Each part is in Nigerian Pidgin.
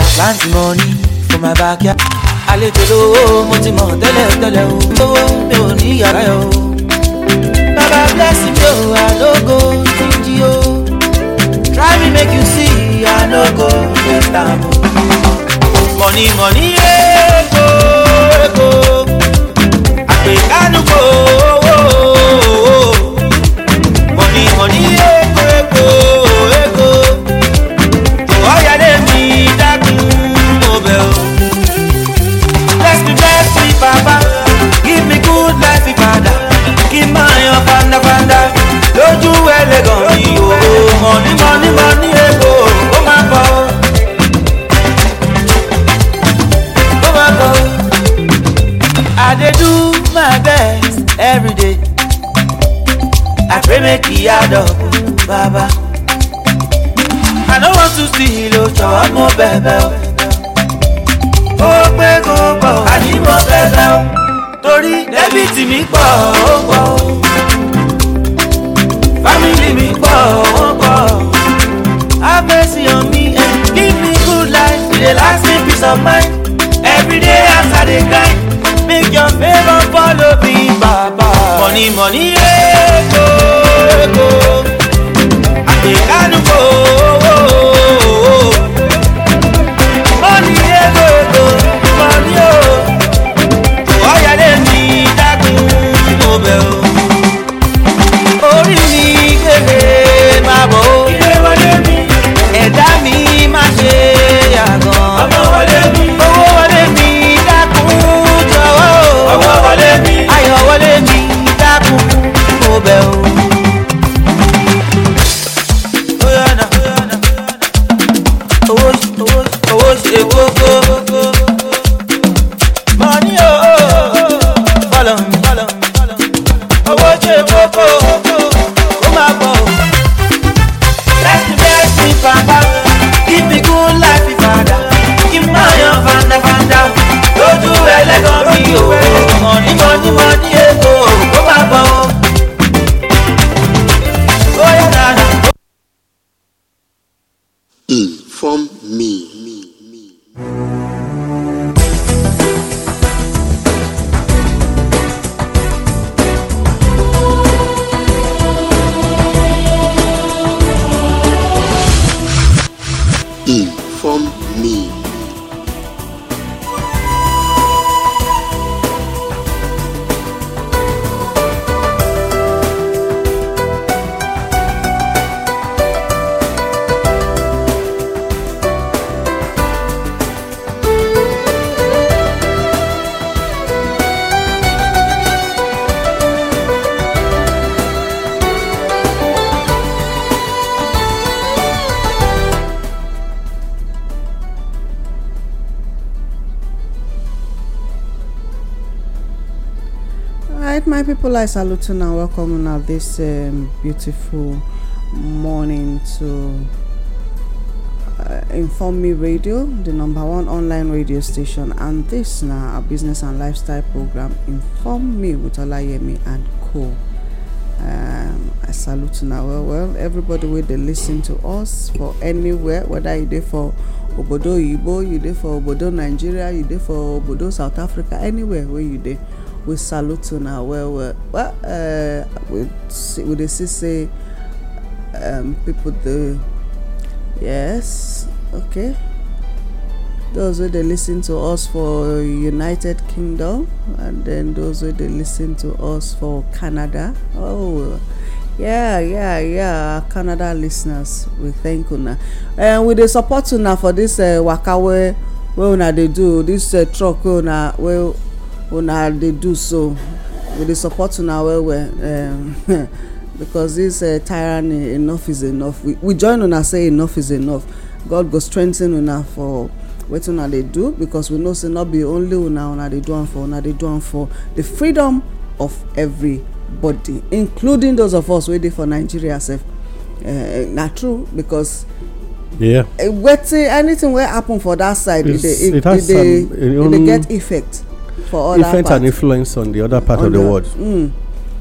father plenty money for my backyard. àlejò lówó mo ti mọ̀ tẹ́lẹ̀ tẹ́lẹ̀ o lówó mi ò ní yàrá yọ o. bless me o I tí ń jí o. try me make you see I àlógo get am o. mọ̀nì mọ̀nì èkó èkó àpèkánú kò. wey make e add up baba. I no want to see lo jọ̀wọ́ mo bẹ̀bẹ̀ o. Ó pé kó pọ̀ àní mo bẹ̀bẹ̀ o. Torí dẹ́bìtì mi pọ̀ ó pọ̀ o. Fámìlì mi pọ̀ ó pọ̀ o. Abẹ́sí on me and give me good life. E dey last me peace of mind. Every day as I dey grind. Make your favour follow me, Baba. Money, money, yeah. Oh lóko àti kálukó owó. ó ní ego ego mọ ní o ọ̀yàlé mi dákun mo bẹ̀ o. orí mi kéde máa bọ̀ o ẹ̀dá mi. Guys, salute you and welcome you now this um, beautiful morning to uh, Inform Me Radio, the number one online radio station, and this now a business and lifestyle program, Inform Me with Olayemi and Co. Um, I salute now well, well. Everybody will they listen to us for anywhere, whether you there for Obodo Ibo, you there for Obodo Nigeria, you there for Obodo South Africa, anywhere where you there we salute una well well well uh, we see we dey see say um, people dey yes okay those wey dey lis ten to us for united kingdom and then those wey dey lis ten to us for canada oh yeah yeah yeah canada lis ten ers we thank una uh, we dey support una for this uh, waka wey wey una dey do this uh, truck wey una wey una dey do so we dey support una well well um, because this uh, tyranny enough is enough we, we join una say enough is enough god go strengthen una for wetin una dey do because we know say no be only una una dey do am for una dey do am for the freedom of everybody including those of us wey dey for nigeria sef uh, na true because yeah. uh, wetin anything wey happen for that side it dey it dey e, e dey eh, e get effect for other effect and influence on the other part on of the, the world. Mm.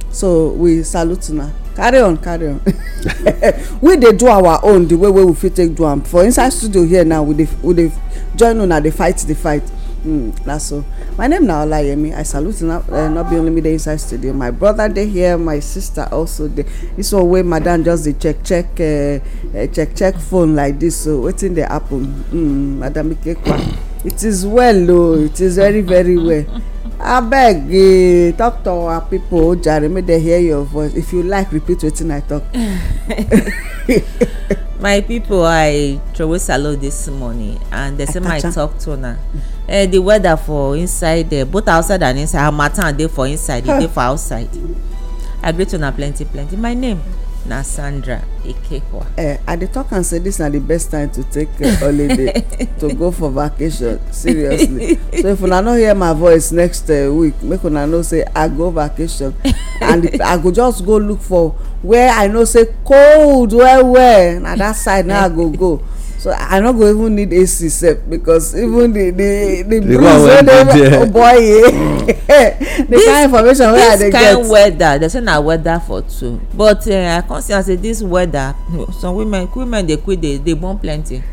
so we salute una carry on carry on we dey do our own the way wey we fit take do am for inside studio here now we dey we dey join una dey fight the fight mm, na so my name na olayemi i salute una uh, eh, not be only me dey inside studio my brother dey here my sister also dey this one wey madam just dey check check uh, uh, check check phone like this so wetin dey happen mm, madam ikekwa it is well o it is very very well abeg uh, talk to our people o jare make dem hear your voice if you like repeat wetin i talk. my people i throway salute this morning and they say my talk to una eh the weather for inside eh both outside and inside harmattan dey for inside e dey for outside i greet una plenty plenty my name na sandra ikekwa. Eh, i dey talk am say this na the best time to take uh, holiday to go for vacation seriously so if una no hear my voice next uh, week make una know say i go vacation and i go just go look for where i know say cold well well na that side na i go go so i no go even need ac sef because even the the the breeze wey dey oh boy eh mm. the kind information wey i dey get. this kind weather dem say na weather for two but uh, i come see am say this weather some women women dey quick dey dey born plenty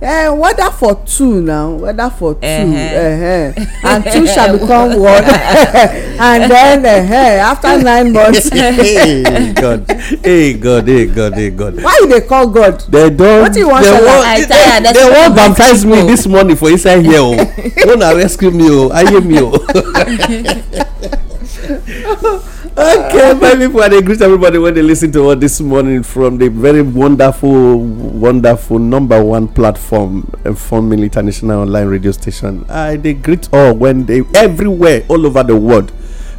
eh, whether for two now whether for two uh -huh. Uh -huh. and two shall become one and then uh -huh, after nine months. hey god hey god hey god hey god. why you dey call god. they don what you wan tell am i tire they wan baptize me this morning for inside here o una rescue me o oh. aye me o. Oh okay, maybe for they greet everybody when they listen to us this morning from the very wonderful, wonderful number one platform, Informing uh, International Online Radio Station. I uh, they greet all when they everywhere, all over the world.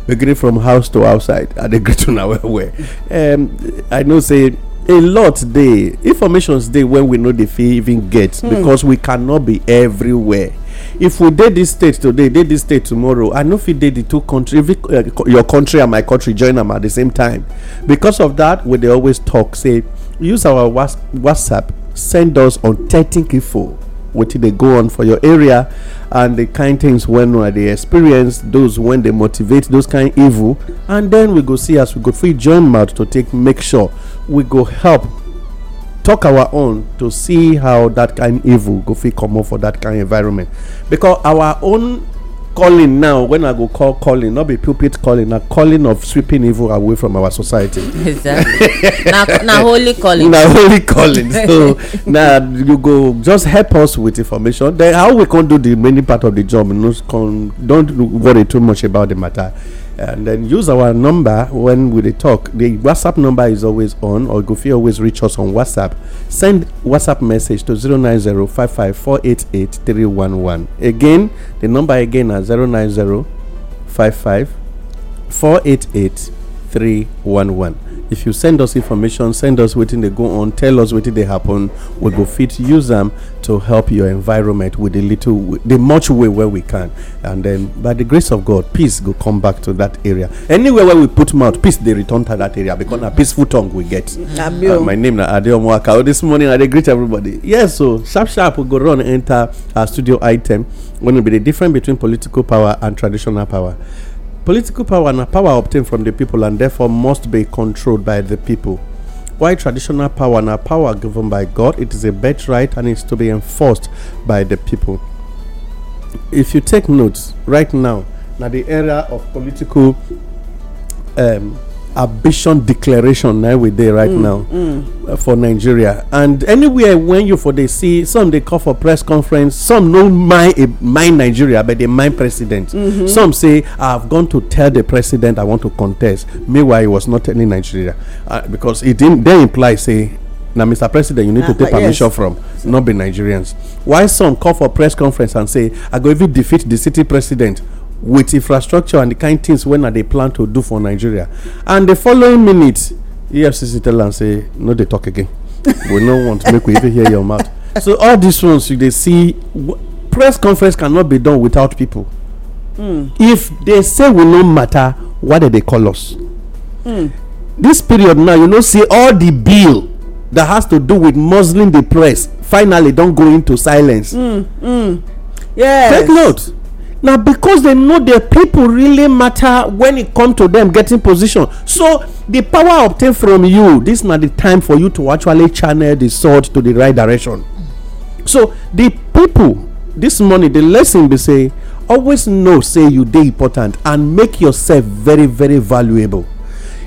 beginning from house to outside i uh, they greet una well well um, i know say a lot dey informations dey when we know they fit even get hmm. because we cannot be everywhere if we dey dis state today dey dis state tomorrow i no fit dey the two country uh, your country and my country join am at the same time because of that we dey always talk say use our whatsapp send us on thirteen kifo wetin dey go on for your area and the kind things when una dey experience those when dey motivate those kind evil and then we go see as we go fit join mouth to take make sure we go help talk our own to see how that kind evil go fit come up for that kind environment because our own calling now when i go call calling not be pulpit calling na calling of sweeping evil away from our society exactly na na holy calling na holy calling so na you go just help us with information then how we come do the many part of the job no come don't worry too much about the matter and then use our number when we talk the whatsapp number is always on or gofi always reach us on whatsapp send whatsapp message to 090 again the number again is 090 if you send us information send us wetin dey go on tell us wetin dey happen we go fit use am to help your environment with the little the much way wey we can and then by the grace of god peace go come back to that area anywhere wey we put mouth peace dey return to that area because na peaceful tongue we get uh, my name na adeomo akao oh, this morning i dey greet everybody yes so sharp sharp we go run enter our studio item wey be the difference between political power and traditional power. Political power and power obtained from the people and therefore must be controlled by the people. While traditional power and power given by God, it is a birthright and is to be enforced by the people. If you take notes, right now, now the era of political um, ambition declaration na eh, we dey right mm, now mm. Uh, for nigeria and anywhere when you for dey see some dey call for press conference some no mind eh, mind nigeria but dey mind president mm-hmm. some say i have gone to tell the president i want to contest meanwhile he was not telling nigeria uh, because didn't. dey imply say na mr president you need to uh, take permission from not be nigerians Why some call for press conference and say i go even defeat the city president with infrastructure and the kind of things when they plan to do for nigeria and the following minute efcc tell am say no dey talk again we no want make we even hear your mouth so all these ones you dey see press conference cannot be done without people mm. if they say we no matter why dey dey call us mm. this period now you know say all the bill that has to do with muzzling the press finally don go into silence. Mm, mm. Yes. take note now because they know their people really matter when it come to them getting position so the power obtained from you this is not the time for you to actually channel the sword to the right direction so the people this morning the lesson be say always know say you dey important and make yourself very very valuable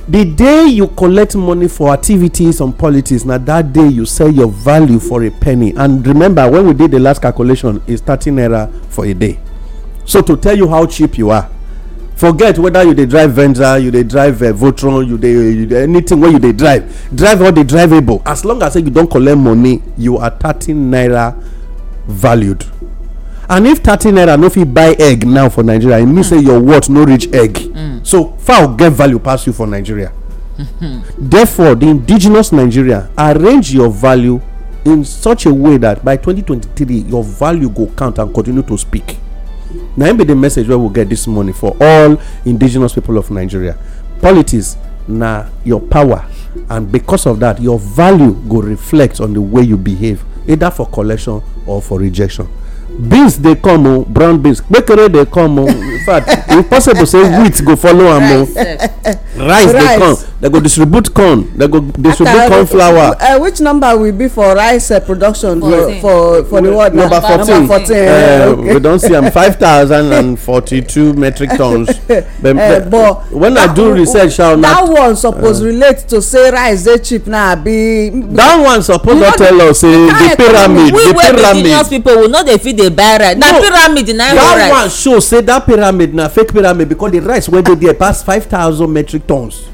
the day you collect money for activities on politics na that day you sell your value for a penny and remember when we did the last calculation is thirty naira for a day so to tell you how cheap you are forget whether you dey drive venza you dey drive eh, voltron you dey anything wey you dey drive drive all the drivable as long as say you don collect money you are thirty naira valued and if thirty naira no fit buy egg now for nigeria e mean hmm. say your worth no reach egg hmm. so fowl get value pass you for nigeria therefore the indigenous nigeria arrange your value in such a way that by 2023 your value go count and continue to speak na im be di message wey we get this morning for all indigenous people of nigeria politics na your power and because of that your value go reflect on the way you behave either for collection or for rejection beans dey come o brown beans kpekere dey come o in fact e possible say wheat go follow am o rice eh. dey come dem go distribute corn dem go distribute corn flour eh, which number will be for rice eh, production for for the world number 14 okay. we don see am two metric tons but when i do research how na that one suppose relate to say rice dey cheap now be that one suppose not tell us say the pyramid the pyramid We the people we no dey fit dey dey buy rice na pyramid na your rice. that one show say that pyramid na fake pyramid because the rice wey dey there pass five thousand metric tons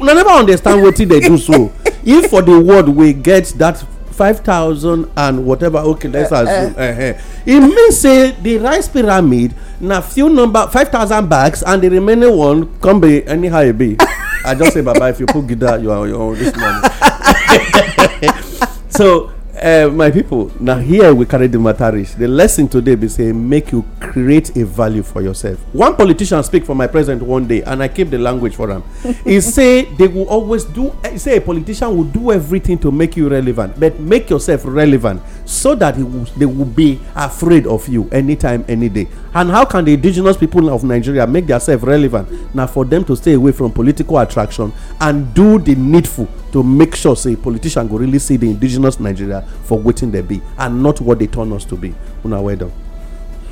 una never understand wetin dey do so if for the world we get that five thousand and whatever okay let's eh, eh. assume uh, uh, eh, e mean say the rice pyramid na few number five thousand bags and the remaining one come be anyhow e be i just say baba if you put gida you are on your own this morning so uh, my people now here we carry the mataris. the lesson today be say make you create a value for yourself one politician speak for my president one day and i keep the language for am he say they will always do eh, he say a politician will do everything to make you relevant but make yourself relevant so that will, they will be afraid of you anytime any day and how can the indigenous people of nigeria make themselves relevant na for them to stay away from political attraction and do the needful to make sure say politicians go really see the indigenous nigeria for wetin dem be and not what they turn us to be una well done.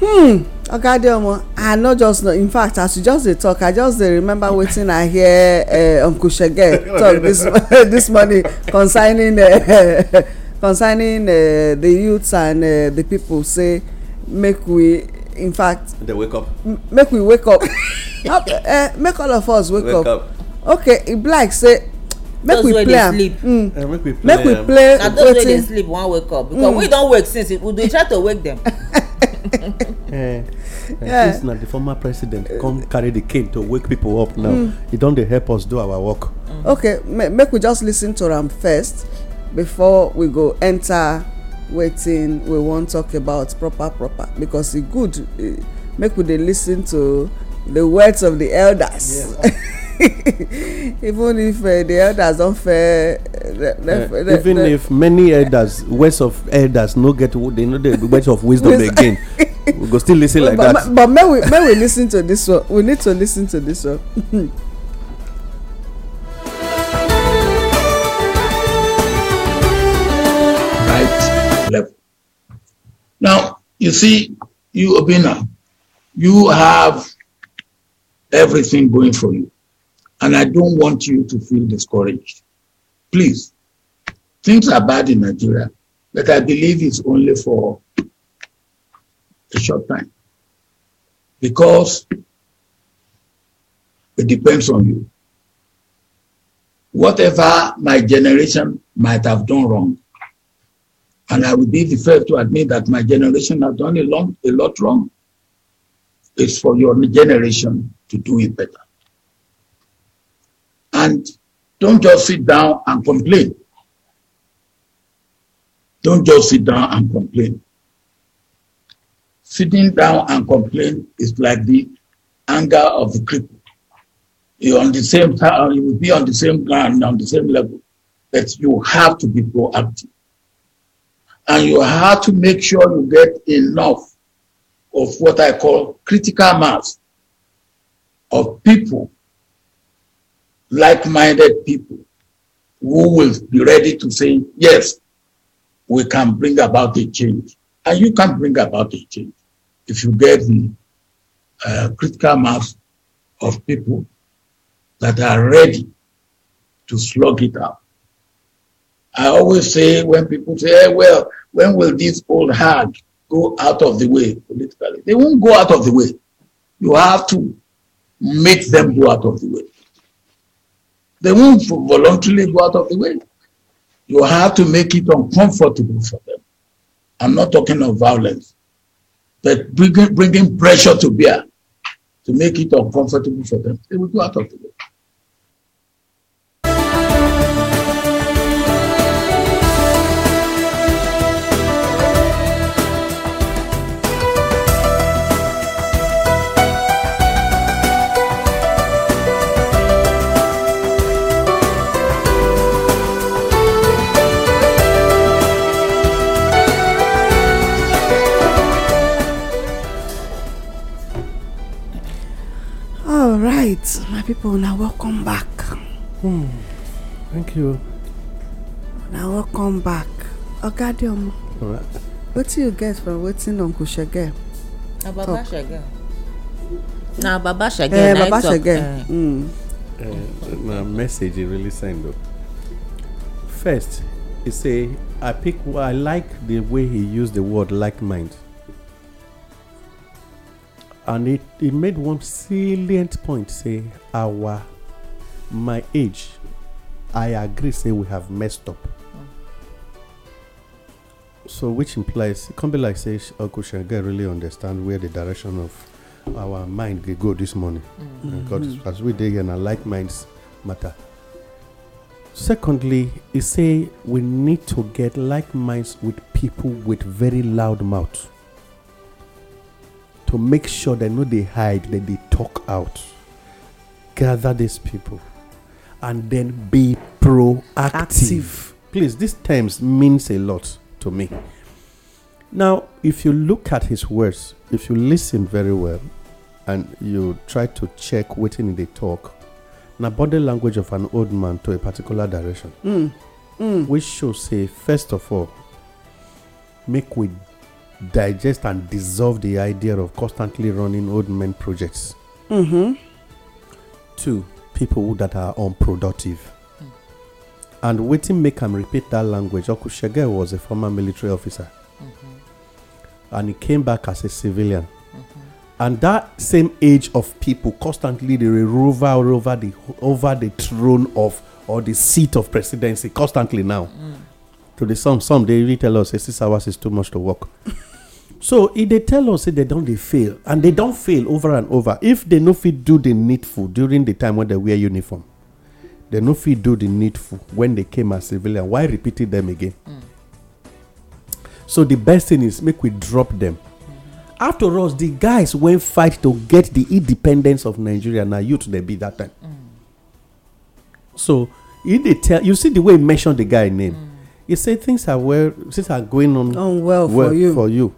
hmm oga i no just know in fact as you just dey talk i just dey remember wetin i hear eh, uncle shege talk this morning concerning eh, concerning eh, the youths and the people say make we in fact they wake up make we wake up uh, make all of us wake, wake up. up okay e be like say make we play am mm. uh, make we play make we play na those wey dey sleep wan wake up because mm. we don wake since we dey try to wake dem. Yeah, eh, yeah. since na the former president come carry the cane to wake people up now mm. e don dey help us do our work. Mm. okay make we just lis ten to am first before we go enter wetin we wan talk about proper proper because e good eh, make we dey lis ten to the words of the elders. Yes. even if uh, the elders don fair. Uh, even if many elders words of elders no get they no dey words of wisdom again we go still lis ten like but, that. but may we may we lis ten to this one we need to lis ten to this one. Now, you see, you, Obina, you have everything going for you. And I don't want you to feel discouraged. Please, things are bad in Nigeria, but I believe it's only for a short time. Because it depends on you. Whatever my generation might have done wrong, and I would be the first to admit that my generation has done a, a lot wrong. It's for your generation to do it better. And don't just sit down and complain. Don't just sit down and complain. Sitting down and complain is like the anger of the cripple. You're on the same time, you will be on the same ground, on the same level, but you have to be proactive and you have to make sure you get enough of what I call critical mass of people, like minded people, who will be ready to say, yes, we can bring about a change. And you can bring about a change if you get the uh, critical mass of people that are ready to slug it out. I always say when people say, hey, eh, well, when will this old hag go out of the way politically? They won't go out of the way. You have to make them go out of the way. They won't voluntarily go out of the way. You have to make it uncomfortable for them. I'm not talking of violence, but bringing, bringing pressure to bear to make it uncomfortable for them. They will go out of the way. My people, now welcome back. Hmm. Thank you. Now welcome back. Ogadium. All right. What you get from waiting Uncle Shege? Na Baba Shege. Na Baba Shege. Eh, Baba Shege. Mm. my message he really sent though. First, he say I pick. I like the way he used the word like mind and it it made one salient point say our my age i agree say we have messed up so which implies it can be like say uncle shangai really understand where the direction of our mind dey go this morning mm. because mm. as we dey here na like minds matter secondly he say we need to get like minds with people with very loud mouths. to make sure they know they hide, that they talk out. Gather these people and then be proactive. Active. Please, these terms means a lot to me. Now, if you look at his words, if you listen very well and you try to check what in the talk, now body language of an old man to a particular direction. Mm. Mm. Which should say, first of all, make we digest and dissolve the idea of constantly running old men projects. Mm-hmm. Two, people that are unproductive. Mm. And waiting. make am repeat that language, Okushege was a former military officer. Mm-hmm. And he came back as a civilian. Mm-hmm. And that same age of people constantly they rover over the over the throne of or the seat of presidency constantly now. Mm. To the some some they really tell us hey, six hours is too much to work. so if they tell us say dem don dey fail and they don't fail over and over if they no fit do the needful during the time when they wear uniform they no fit do the needful when they came as civilian why repeating them again mm. so the best thing is make we drop dem mm. after all, the guys went fight to get the independence of nigeria Now youth dem be that time mm. so if they tell you see the way e mention the guy name he said things are well things are going on oh, well for you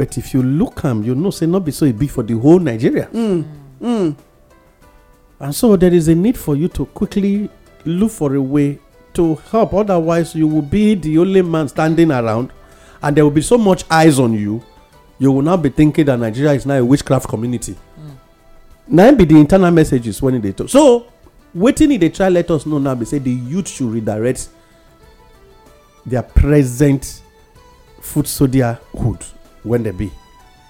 but if you look am um, you know say not be so e be for the whole nigeria mm. Mm. and so there is a need for you to quickly look for a way to help otherwise you will be the only man standing around and there will be so much eyes on you you will now be thinking that nigeria is now a witchcraft community mm. na be the internal messages when e dey talk so wetin e dey try let us know now be say the youth should redirect their present food soldier hood when they be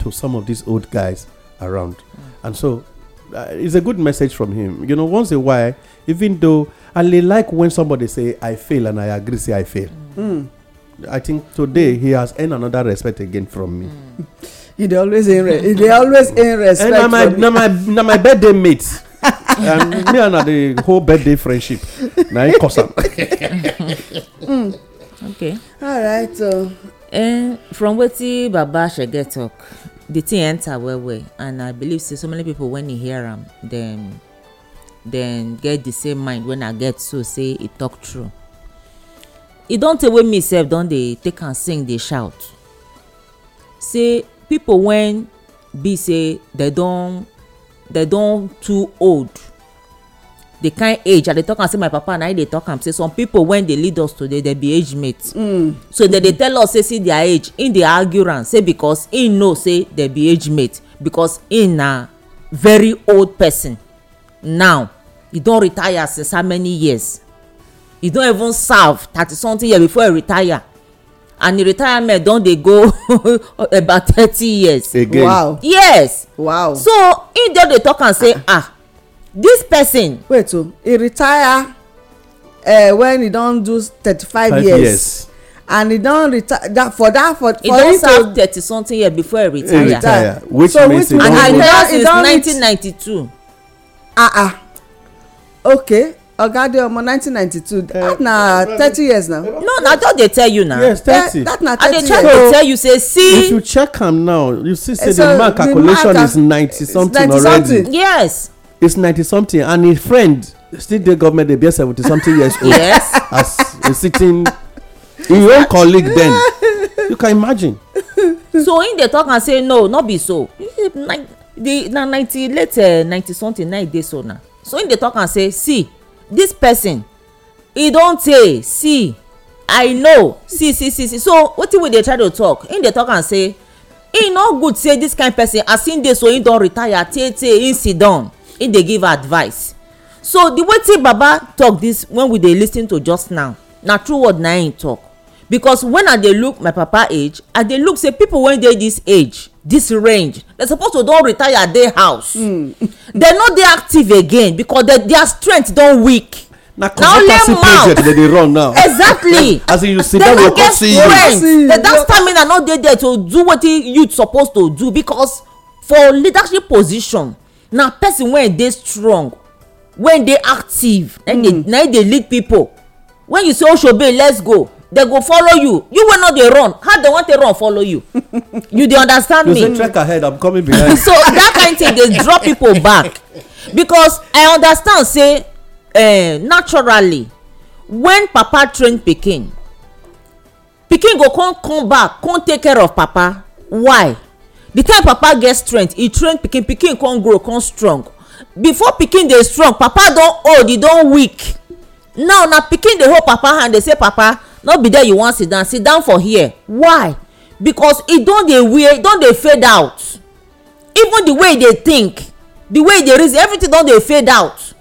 to some of these old guys around. Mm. And so uh, it's a good message from him. You know, once in a while, even though I like when somebody say I fail and I agree say I fail. Mm. I think today he has earned another respect again from me. Mm. they always in re- they always in respect. And now my now my, now my birthday mates, um, me and the whole birthday friendship. Now it costs Okay. All right. So um, from wetin baba shege talk the thing enter well well and i believe say so many people when e hear am dem dem get the same mind when i get so say e talk true e don tey wey me sef don dey take am sing dey shout say people wen be say dem don dem don too old the kind age i dey talk am say my papa na he dey talk am say some people when dey lead us today dem be age mates. Mm. so dem dey tell us say see their age him dey argue am say because him know say dem be age mates because him na very old person now he don retire since how many years he don even serve thirty something years before he retire and the retirement don dey go about thirty years. again wow yes. wow so he don dey talk am say ah, ah This person wait o he retire uh, when he don do thirty-five years, years and he don retire that for that for he him to don serve thirty something years before he retire e retire which so means e don go and retire since nineteen ninety two ah ah okay oga dey omo nineteen ninety two eh, that na eh, thirty years now. no na just dey tell you na. yes thirty. that na thirty years. i dey try to tell you say see. if you check am now you see say the man calculation is ninety something already. yes is ninety something and his friend still dey government dey bear seventy something years old yes as a sitting im own colleague then you can imagine. so im dey talk am say no no be so The na ninety late eh, ninety something na e dey so na so im dey talk am say see this person e don tey see i know see see see see so wetin we dey try to talk im dey talk am say e no good say dis kain person as im dey so im don retire tey tey im sit down he dey give advice so the way wetin baba talk this when we dey lis ten to just now na true word na him talk because when i dey look my papa age i dey look say people wey dey this age this range they suppose to don retire dey house mm. they no dey active again because they, their strength don weak na consultancy project dem dey run now exactly as in you sit down waka see you see the that stamina no dey there to do wetin youth suppose to do because for leadership position na person wey dey strong wey dey active mm. na dey lead people when you say oshobe oh, let's go they go follow you you wey no dey run how they wan take run follow you you dey understand me. you say trek ahead i'm coming behind. so that kind thing dey draw people back because i understand say uh, naturally when papa train pikin pikin go come come back come take care of papa why the time papa get strength he train pikin pikin come grow come strong before pikin dey strong papa don old he don weak now na pikin dey hold papa hand dey say papa no be there you wan sit down sit down for here why because e don dey wear e don dey fade out even the way e dey think the way e dey reason everything don dey fade out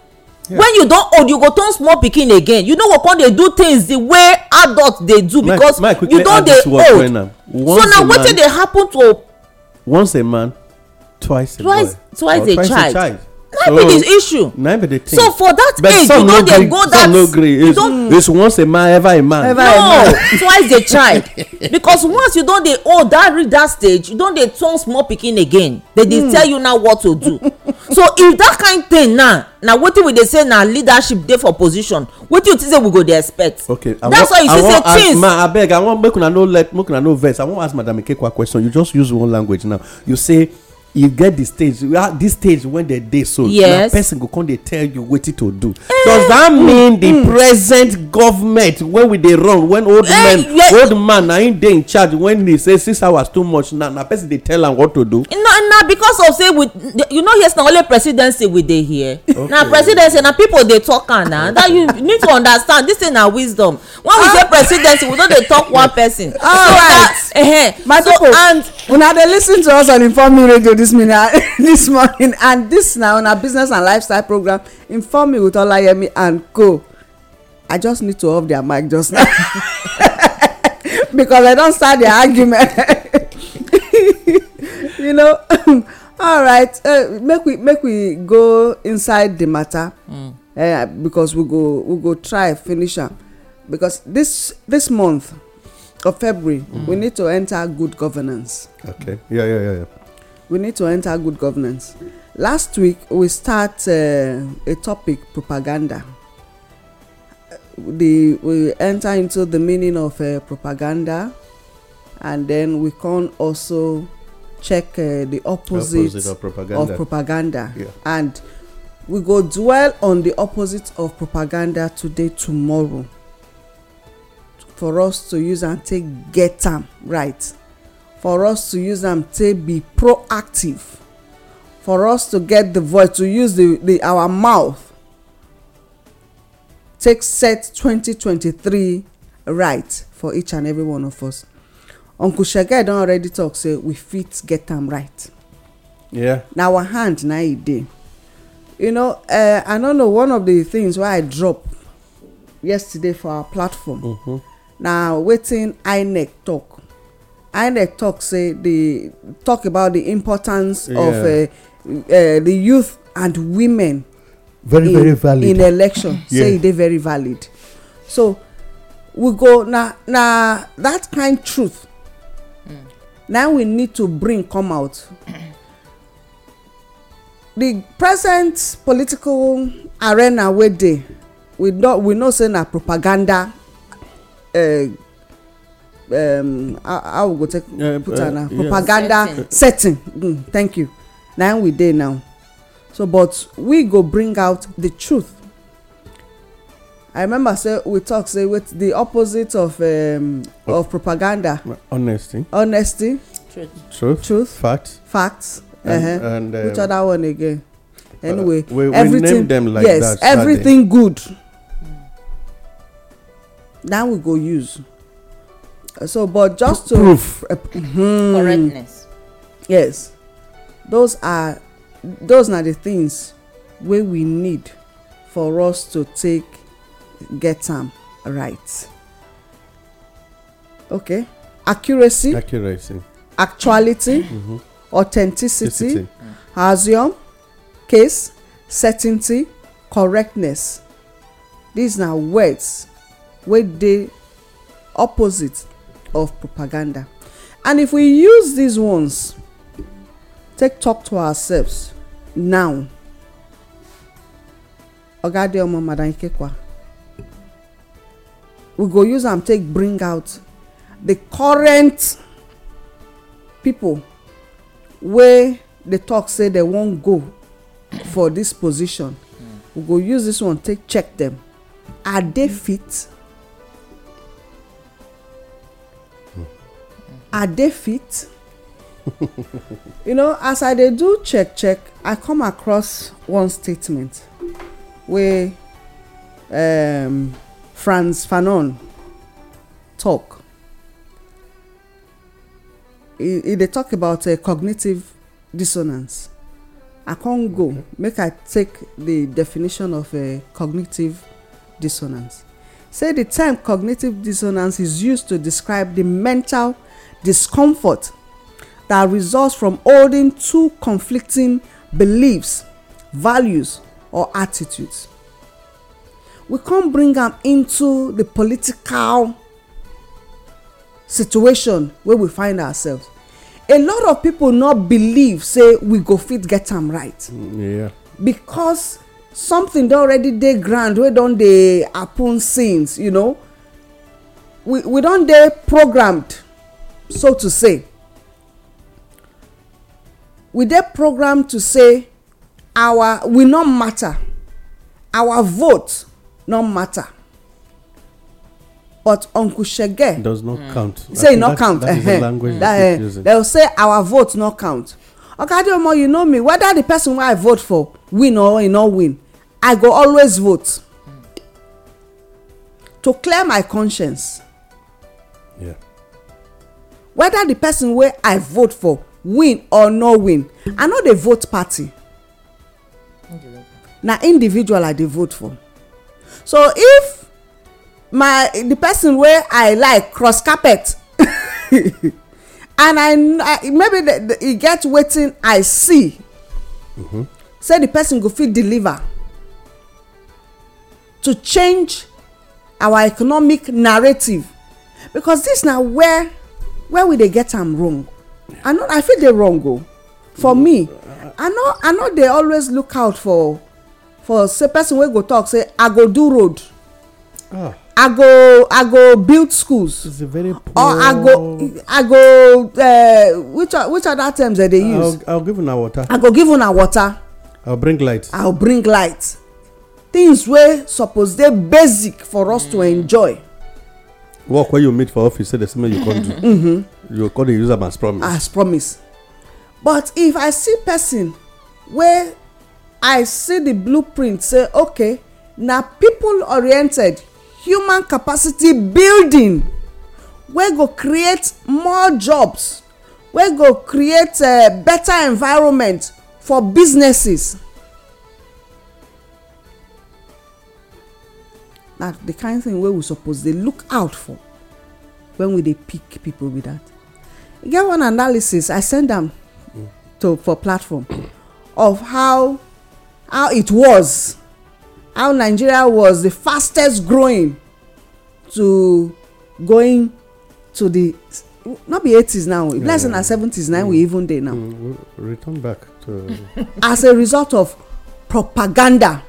yeah. when you don old you go turn small pikin again you no go come dey do things the way adult dey do because Mike, Mike, you don dey old so na wetin dey happen to once a man twice a twice, boy twice, or a, twice child. a child na be the issue na the thing so for that but age you no dey go that some no gree it's, mm. it's once a man ever a man ever no a man. twice a child because once you don dey old oh, that reach that stage you don dey turn small pikin again they dey mm. tell you now what to do so if that kind thing now na wetin we dey say na leadership dey for position wetin you think say we go dey expect okay I why you see say things ma abeg i wan make una no let make una no vex i wan ask madam ikekwa question you just use one language now you say you get the stage this stage when they dey so yes na person go come dey tell you wetin to do eh, does that mm, mean the mm. present government when we dey run when old eh, man old man na him dey in charge when he say six hours too much na na person dey tell am what to do na because of say we you know yes na only presidency we dey here na presidency na people dey talk am na that you need to understand this thing na wisdom when we say ah. presidency we no dey talk one person so that uh, eh, my so and una dey lis ten to us on inform radio this minute this morning and this na on our business and lifestyle program inform me with olayemi and co i just need to off their mic just now because i don start their argument you know all right uh, make we make we go inside the matter mm. uh, because we go we go try finish am because this this month of february mm. we need to enter good governance. okay yeah yeah yeah. yeah we need to enter good governance. Last week, we start uh, a topic propaganda. The, we enter into the meaning of uh, propaganda and then we can also check uh, the opposite, opposite, of propaganda, of propaganda. Yeah. and we go dwell on the opposite of propaganda today tomorrow for us to use and take get am right for us to use am take be proactive for us to get the voice to use the, the our mouth take set 2023 right for each and every one of us uncle shege don already talk say we fit get am right yeah na our hand na e dey you know uh, i no know one of the things wey i drop yesterday for our platform mm -hmm. na wetin inec talk inec talk say the talk about the importance of uh, uh, the youth and women very very valid in election say they very valid so we go now. na that kind truth mm. Now we need to bring come out the present political arena where they we know say na propaganda uh, um, how we go take uh, put am now uh, propaganda setting mm, thank you na we dey now so but we go bring out the truth i remember say we talk say with the opposite of um, of propaganda honesty honesty truth truth facts facts and uh-huh. um, which other one again uh, anyway we everything yes everything good Now we go use so but just to proof uh, mm, correctness yes those are those are the things wey we need for us to take get am right okay accuracy accuracy actuality mm -hmm. authenticity mm axiom case certainty correctness these na words wey dey opposite of propaganda and if we use these ones take talk to ourselves now oga adeoma madam ikekwa we go use am take bring out the current people where dey talk say they won't go for this position hmm. we go use this one take check them. are they fit i dey fit you know as i dey do check check i come across one statement wey um, franz fanon talk e dey talk about a uh, cognitive dissonance i come go make i take the definition of a uh, cognitive dissonance say the term cognitive dissonance is used to describe the mental discomfort that results from holding two conflicting beliefs, values, or attitudes. We can't bring them into the political situation where we find ourselves. A lot of people not believe say we go fit get them right. Mm, yeah. Because something they already they ground wey don't they happen since you know we we don't they programmed so to say we dey programmed to say our we no matter our vote no matter but uncle shege does not mm. count say e no count that, is the language that, uh, they will say our vote no count okadeomo you know me whether the person wey i vote for win or e no win i go always vote mm. to clear my conscience yeah whether the person wey i vote for win or no win i no dey vote party na individual i dey vote for so if my the person wey i like cross carpet and i, I maybe the, the, e get wetin i see mm -hmm. say the person go fit deliver to change our economic narrative because this na where where we dey get am wrong i no i fit dey wrong o for me i no i no dey always look out for for say person wey go talk say i go do road ah. i go i go build schools or i go i go eh, which which other terms dem dey use i'll give una water i go give una water i'll bring light i'll bring light things wey suppose dey basic for us to mm. enjoy work wey you meet for office say mm-hmm. Mm-hmm. the same way you come do -hmm. you come dey use am as promise as promise but if i see person wey i see the blueprint say okay na people oriented human capacity building wey go create more jobs wey go create uh, better environment for businesses na the kind thing wey we suppose dey look out for when we dey pick people be that e get one analysis i send am to for platform of how how it was how nigeria was the fastest growing to going to the not be eighties now yeah, blessing yeah. na seventies s now we mm. even dey now mm, return back to as a result of propaganda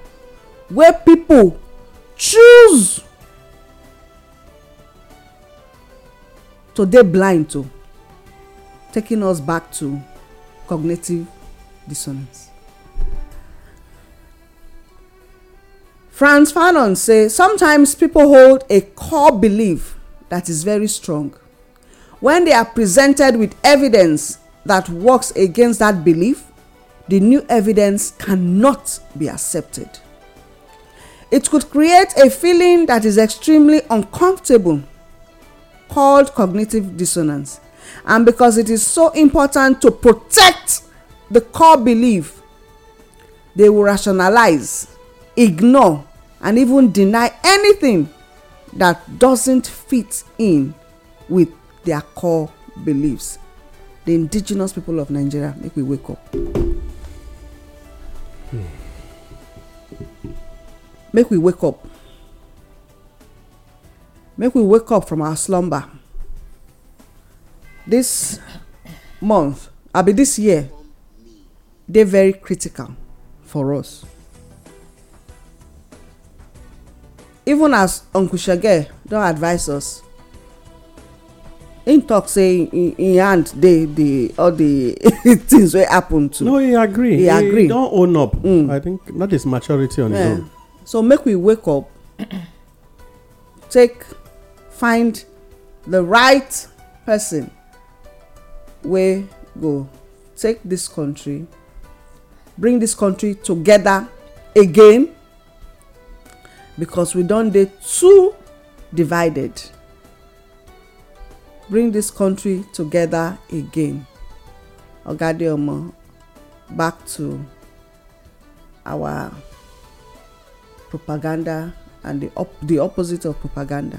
wey people choose to dey blind to taking us back to cognitive dissonance. Franz Fanon says sometimes people hold a core belief that is very strong. When they are presented with evidence that works against that belief, the new evidence cannot be accepted it could create a feeling that is extremely uncomfortable called cognitive dissonance and because it is so important to protect the core belief they will rationalize ignore and even deny anything that doesn't fit in with their core beliefs the indigenous people of nigeria make we wake up. Hmm make we wake up make we wake up from our slumber this month i this year dey very critical for us even as uncle shege don advise us him talk say him hand dey the all the things wey happen to no he agree he agree he don own up mm. i think that is maturity on his own so make we wake up take find the right person wey go take this country bring this country together again because we don dey too divided bring this country together again oga adeomo back to our propaganda and the op- the opposite of propaganda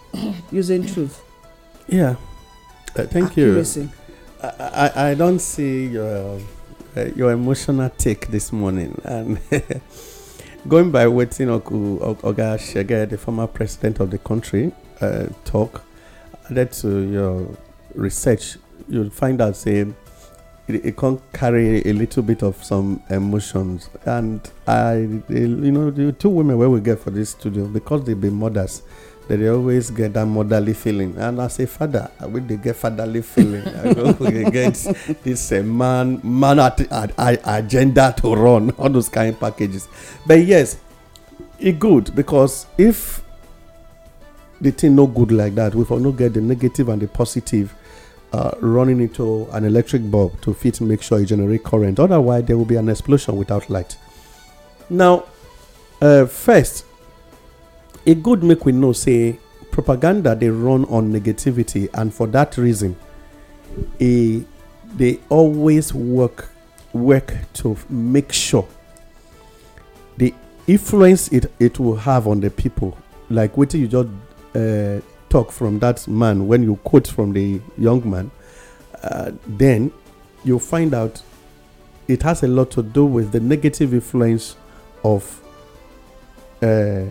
using truth yeah uh, thank Accuracy. you I, I, I don't see your uh, your emotional take this morning and going by what you Oga Shege, the former president of the country uh, talk added to your research you'll find out saying it, it can carry a little bit of some emotions. And I, you know, the two women where we get for this studio because they be mothers. They always get that motherly feeling, and as a father, I will they get fatherly feeling. I go against this uh, man man at, at, at, agenda to run all those kind of packages. But yes, it good because if the thing no good like that, we for no get the negative and the positive uh, running into an electric bulb to fit make sure you generate current. Otherwise, there will be an explosion without light. Now, uh, first, a good make we know say propaganda they run on negativity, and for that reason, a, they always work work to make sure the influence it, it will have on the people, like what you just uh, talk from that man, when you quote from the young man, uh, then you find out it has a lot to do with the negative influence of uh,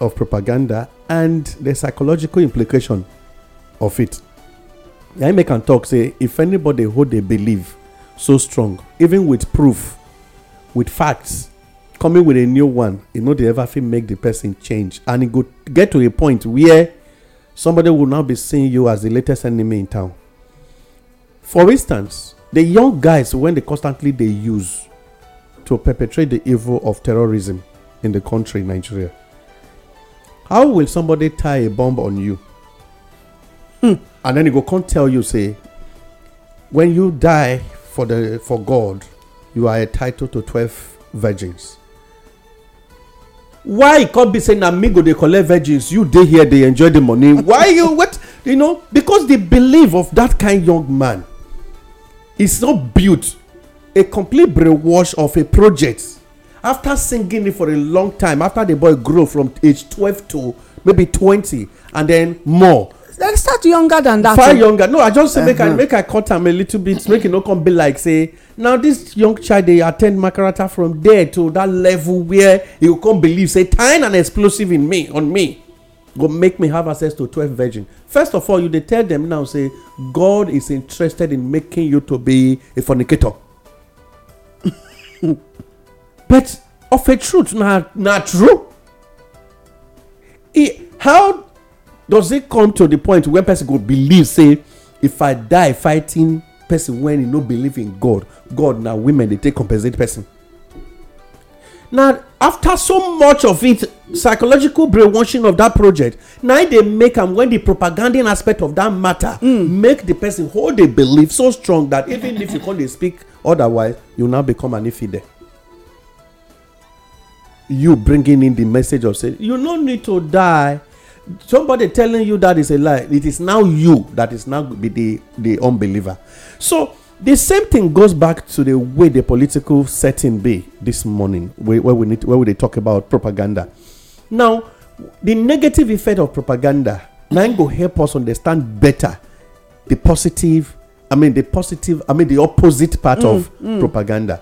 of propaganda and the psychological implication of it. I make and talk say if anybody who they believe so strong, even with proof, with facts, coming with a new one e no dey ever fit make the person change and e go get to a point where somebody will now be seeing you as the latest enemy in town for instance the young guys when they constantly dey use to perpetrate the evil of terrorism in the country nigeria how will somebody tie a bomb on you hmm. and then e go come tell you say when you die for the for god you are entitled to twelve virgins why e come be say na me go dey collect virgins you dey here dey enjoy the money why you wait you know because the belief of that kind young man is not built a complete brainwash of a project after singing it for a long time after the boy grow from age twelve to maybe twenty and then more dem start younger than that far oh. younger no i just say make i uh-huh. make i cut am a little bit make e no come be like say now this young child dey attend makarata from there to that level where he go come believe say tying an explosive in me on me go make me have access to twelve virgin first of all you dey tell them now say god is interested in making you to be a fornicator but of a truth na true how does it come to the point when person go believe say if i die fighting person when he no believe in god god na women dey take compensate person Now after so much of it psychological brainwashing of that project na e dey make am when the propaganding aspect of that matter mm. make the person hold a belief so strong that even if you come dey speak otherwise you now become an infidel e you bringing in the message of say you no need to die somebody telling you that is a lie it is now you that is now be the the unbeliever So the same thing goes back to the way the political setting be this morning, where, where we need where they talk about propaganda. Now, the negative effect of propaganda now go help us understand better the positive. I mean the positive. I mean the opposite part mm, of mm. propaganda.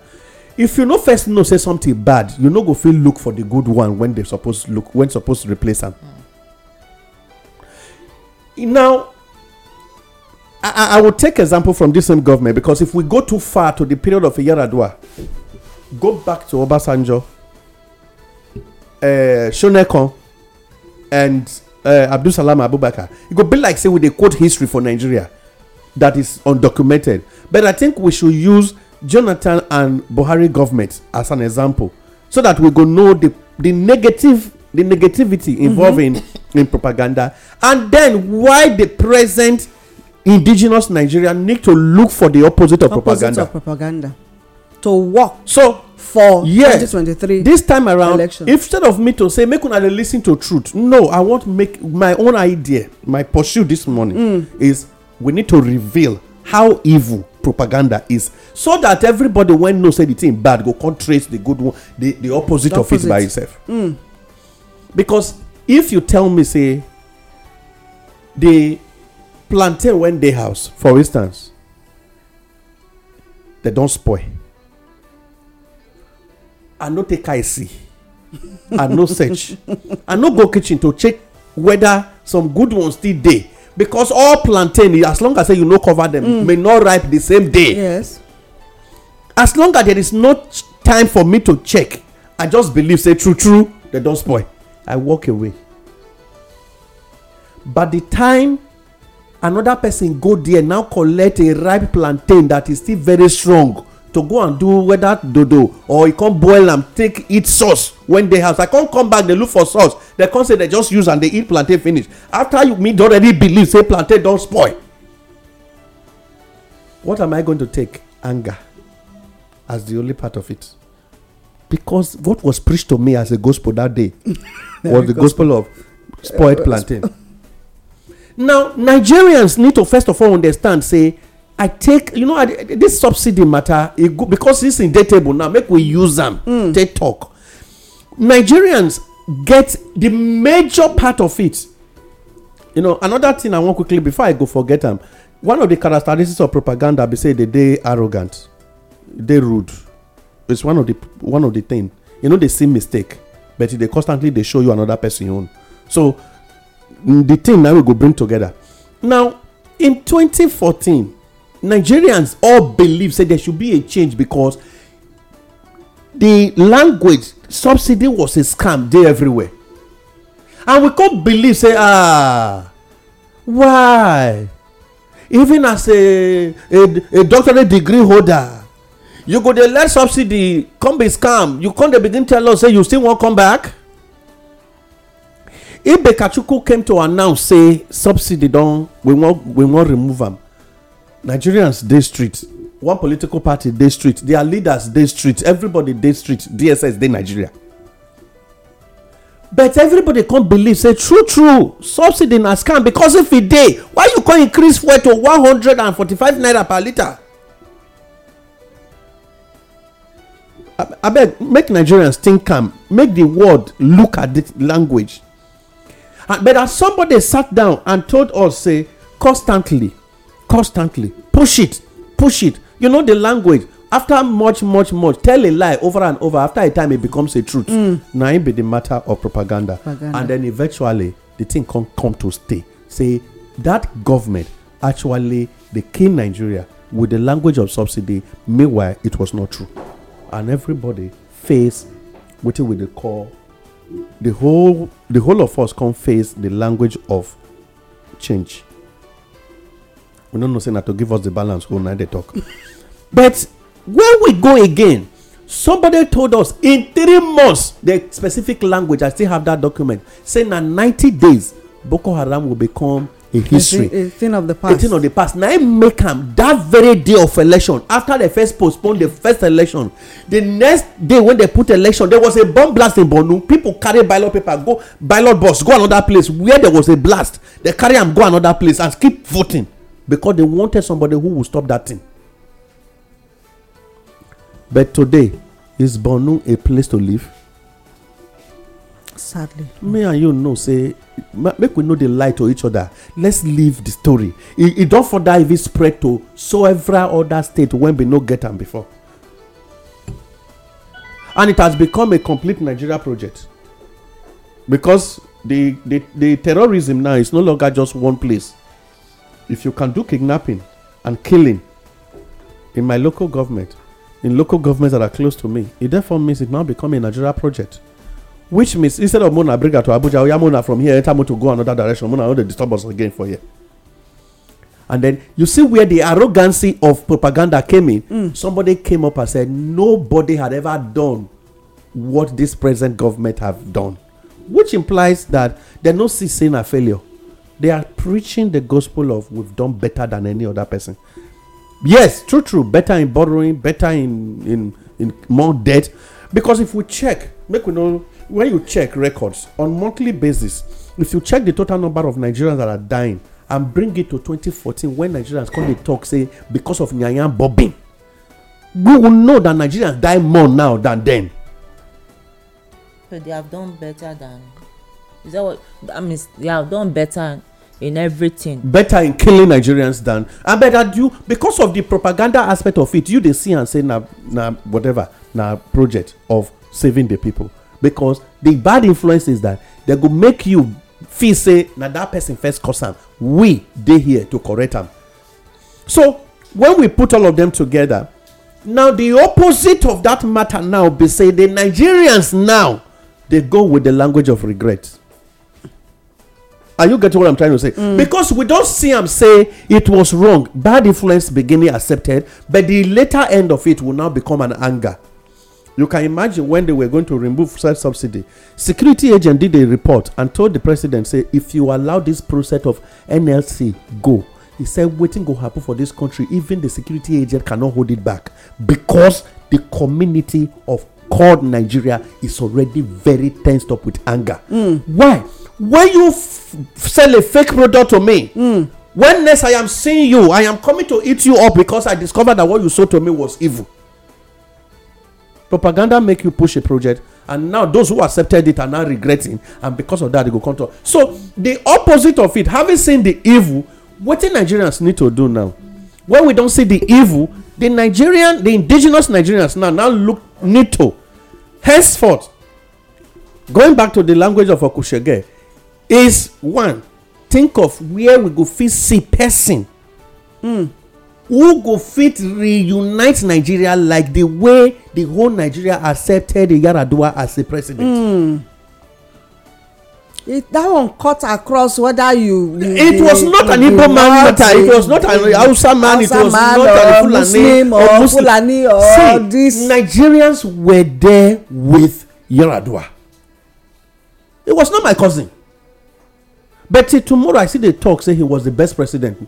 If you know first know say something bad, you know, go feel look for the good one when they supposed look when supposed to replace them. Mm. Now I, I will take example from this same government because if we go too far to the period of Yaradua, go back to Obasanjo, uh, Shonekon, and uh, eh, Abdul Salam Abubakar. It could be like say we they quote history for Nigeria that is undocumented. But I think we should use Jonathan and Buhari government as an example so that we go know the the negative the negativity involving mm -hmm. in propaganda and then why the present indigenous nigeria need to look for the opposite of opposite propaganda of propaganda to work so for yeah, 2023 this time around election. instead of me to say make una dey lis ten to truth no i want make my own idea my pursuit this morning mm. is we need to reveal how evil propaganda is so that everybody wey know say the thing bad go come trace the good one the the opposite, the opposite. of it by itself mm. because if you tell me say the plantain when they house for instance they don't spoil i no take eye see i no search i no go kitchen to check whether some good ones still day because all plantain as long as say you no cover dem mm. may not ripe the same day yes as long as there is no time for me to check i just believe say true true they don't spoil i walk away But the time another person go there now collect a ripe plantain that is still very strong to go and do whether dodo or you e come boil am take eat sauce when dey house i come come back dey look for sauce dem come say dem just use am dey eat plantain finish after you me don already believe say plantain don spoil what am i going to take anger as the only part of it because what was preached to me as a gospel that day was the gospel, gospel of spoiled uh, uh, plantain now nigerians need to first of all understand say i take you know this subsidy matter e go because this in dey table now make we use am hmm. take talk nigerians get the major part of it you know another thing i wan quickly before i go forget am one of the characteristics of propaganda be say they dey arrogant dey rude it's one of the one of the thing you no dey see mistake but e dey constantly dey show you another person own so the thing now we go bring together now in 2014 nigerians all believe say there should be a change because the language subsidy was a scam dey everywhere and we come believe say ah why even as a a a doctorate degree holder you go dey let subsidy come be scam you can't begin tell us say you still won't come back If ibekachukwu came to announce say subsidy don we wan remove am nigerians dey street one political party dey street their leaders dey street everybody dey street dss dey nigeria but everybody come believe say true true subsidy na scam because if e dey why you come increase fuel to one hundred and forty-five naira per litre abeg make nigerians think am make the world look at the language and ah, but as somebody sat down and told us say constantly constantly push it push it you know the language after much much much tell a lie over and over after a time it becomes a truth mm. na be the matter of propaganda. propaganda and then eventually the thing come come to stay say that government actually the king nigeria with the language of subsidy meanwhile it was not true and everybody face what it would call the whole the whole of us come face the language of change we no know say na to give us the balance whole oh, night dey talk but when we go again somebody told us in three months the specific language i still have that document say na ninety days boko haram will become in history a eh, thing of the past a thing of the past Now im make am that very day of election after they first postponed the first election the next day when they put election there was a bomb blast in borno people carry ballot paper go ballot box go another place where there was a blast They carry am go another place and keep voting because they wanted somebody who would stop that thing but today is borno a place to live sadly me and you know say make we no dey lie to each other let's leave the story e e don further even spread to so every other state when bin no get am before and it has become a complete nigeria project because the the the terrorism now is no longer just one place if you can do kidnapping and killing in my local government in local governments that are close to me it e therefore means it now become a nigeria project which means instead of mona bring her to abuja oya mona from here enter motor go another direction mona no dey disturb us again for here and then you see where the arrogancy of propaganda came in mm. somebody came up and said nobody had ever done what this present government have done which implies that they no see sin as failure they are preaching the gospel of we've done better than any other person yes true true better in borrowing better in in in more debt because if we check make we know when you check records on monthly basis if you check the total number of nigerians that are dying and bring it to 2014 when nigerians come dey talk say because of nyanyan bobbing we will know that nigerians die more now than then. so they have done better than is that what that means they have done better in everything. better in killing nigerians than abeg you because of the propaganda aspect of it you dey see am say na na whatever na project of saving the people because the bad influence is that they go make you feel say na that person first cause am we dey here to correct am so when we put all of them together now the opposite of that matter now be say the nigerians now dey go with the language of regret are you getting what i'm trying to say. Mm. because we don see am say it was wrong bad influence beginning accepted but the later end of it will now become an anger. You can imagine when they were going to remove such subsidy. Security agent did a report and told the president, say, if you allow this process of NLC go, he said, waiting go happen for this country. Even the security agent cannot hold it back because the community of called Nigeria is already very tensed up with anger. Mm. Why? When you f- sell a fake product to me, mm. when next I am seeing you, I am coming to eat you up because I discovered that what you sold to me was evil propaganda make you push a project and now those who accepted it are now regretting and because of that they go come to so the opposite of it having seen the evil wetin nigerians need to do now when we don see the evil the nigerian the indigenous nigerians now now look need to henceforth going back to the language of okushege is one think of where we go fit see person mm who go fit reunite nigeria like the way the whole nigeria accepted yaradua as a president hmm. it that one cut across whether you. you it was not an igbo man matter it was not an hausa man it was not an fulani or muslim fulani or see this. nigerians were there with yaradua it was not my cousin but till tomorrow i see the talk say he was the best president